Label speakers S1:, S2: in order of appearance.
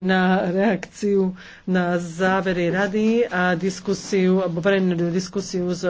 S1: na reakciu na závery rady a diskusiu, alebo verejnú diskusiu s